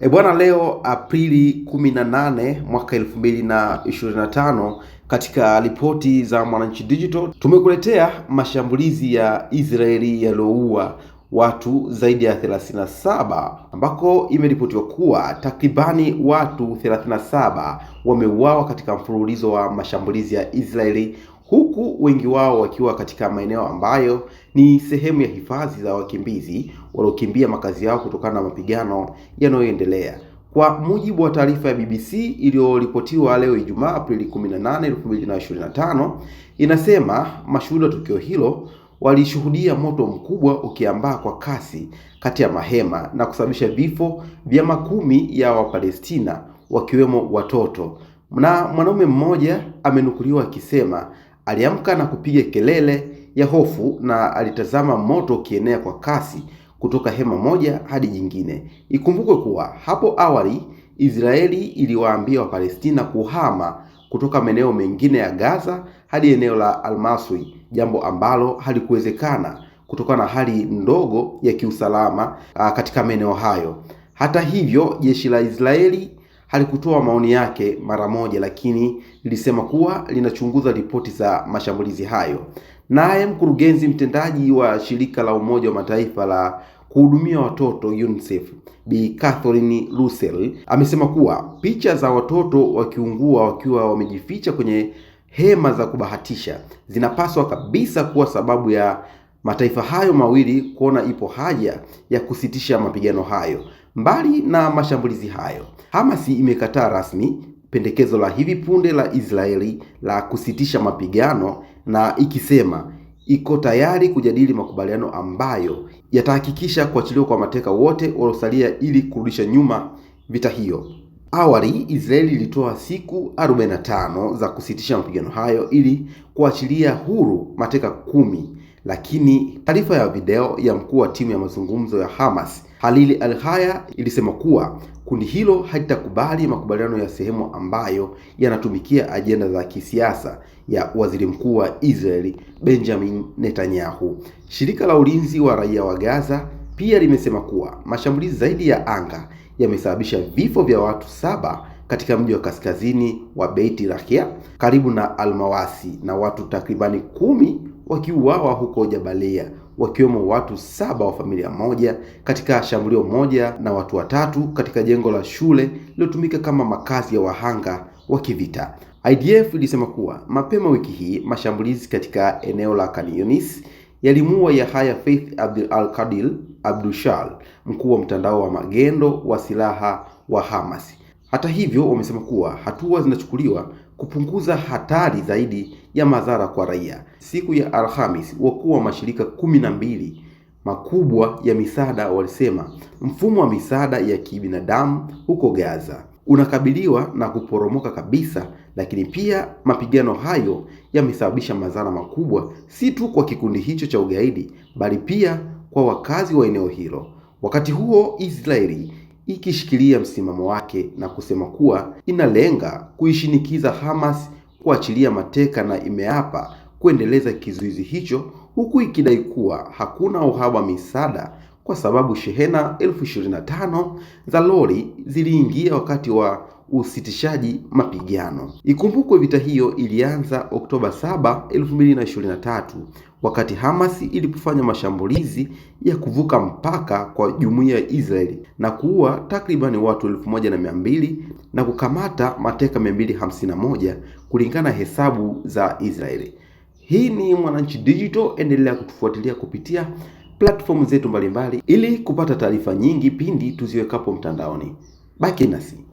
E bwana, leo Aprili 18 mwaka 2025, katika ripoti za Mwananchi Digital tumekuletea mashambulizi ya Israeli yaliyoua watu zaidi ya 37 ambako imeripotiwa kuwa takribani watu 37 wameuawa katika mfululizo wa mashambulizi ya Israeli huku wengi wao wakiwa katika maeneo ambayo ni sehemu ya hifadhi za wakimbizi waliokimbia makazi yao kutokana na mapigano yanayoendelea. Kwa mujibu wa taarifa ya BBC iliyoripotiwa leo Ijumaa Aprili 18, 2025, inasema mashuhuda wa tukio hilo walishuhudia moto mkubwa ukiambaa kwa kasi kati ya mahema na kusababisha vifo vya makumi ya Wapalestina wakiwemo watoto, na mwanaume mmoja amenukuliwa akisema Aliamka na kupiga kelele ya hofu na alitazama moto ukienea kwa kasi kutoka hema moja hadi jingine. Ikumbukwe kuwa hapo awali Israeli iliwaambia Wapalestina kuhama kutoka maeneo mengine ya Gaza hadi eneo la Almaswi, jambo ambalo halikuwezekana kutokana na hali ndogo ya kiusalama katika maeneo hayo. Hata hivyo, jeshi la Israeli halikutoa maoni yake mara moja, lakini lilisema kuwa linachunguza ripoti za mashambulizi hayo. Naye mkurugenzi mtendaji wa shirika la Umoja wa Mataifa la kuhudumia watoto UNICEF Bi Catherine Russell amesema kuwa picha za watoto wakiungua wakiwa wamejificha kwenye hema za kubahatisha zinapaswa kabisa kuwa sababu ya mataifa hayo mawili kuona ipo haja ya kusitisha mapigano hayo. Mbali na mashambulizi hayo, Hamas imekataa rasmi pendekezo la hivi punde la Israeli la kusitisha mapigano na ikisema iko tayari kujadili makubaliano ambayo yatahakikisha kuachiliwa kwa mateka wote waliosalia ili kurudisha nyuma vita hiyo. Awali, Israeli ilitoa siku 45 za kusitisha mapigano hayo ili kuachilia huru mateka kumi, lakini taarifa ya video ya mkuu wa timu ya mazungumzo ya Hamas Halili Al-Haya ilisema kuwa kundi hilo halitakubali makubaliano ya sehemu ambayo yanatumikia ajenda za kisiasa ya Waziri Mkuu wa Israeli Benjamin Netanyahu. Shirika la ulinzi wa raia wa Gaza pia limesema kuwa mashambulizi zaidi ya anga yamesababisha vifo vya watu saba katika mji wa kaskazini wa Beit Lahia karibu na Almawasi na watu takribani kumi wakiuawa huko Jabalia wakiwemo watu saba wa familia moja katika shambulio moja na watu watatu katika jengo la shule lililotumika kama makazi ya wahanga wa kivita. IDF ilisema kuwa mapema wiki hii mashambulizi katika eneo la Khan Younis yalimuua Yahya Faith Abdul al-Qadil Abdushal, mkuu wa mtandao wa magendo wa silaha wa Hamas. Hata hivyo, wamesema kuwa hatua zinachukuliwa kupunguza hatari zaidi ya madhara kwa raia. Siku ya Alhamis, wakuu wa mashirika kumi na mbili makubwa ya misaada walisema mfumo wa misaada ya kibinadamu huko Gaza unakabiliwa na kuporomoka kabisa, lakini pia mapigano hayo yamesababisha madhara makubwa, si tu kwa kikundi hicho cha ugaidi, bali pia kwa wakazi wa eneo hilo. Wakati huo Israeli ikishikilia msimamo wake na kusema kuwa inalenga kuishinikiza Hamas kuachilia mateka na imeapa kuendeleza kizuizi hicho huku ikidai kuwa hakuna uhaba misaada kwa sababu shehena elfu ishirini na tano za lori ziliingia wakati wa usitishaji mapigano. Ikumbukwe vita hiyo ilianza Oktoba 7, 2023 wakati Hamas ilipofanya mashambulizi ya kuvuka mpaka kwa jumuiya ya Israeli na kuua takribani watu 1200 na na kukamata mateka 251 kulingana na hesabu za Israeli. Hii ni Mwananchi Digital, endelea kutufuatilia kupitia platform zetu mbalimbali ili kupata taarifa nyingi pindi tuziwekapo mtandaoni. Baki nasi.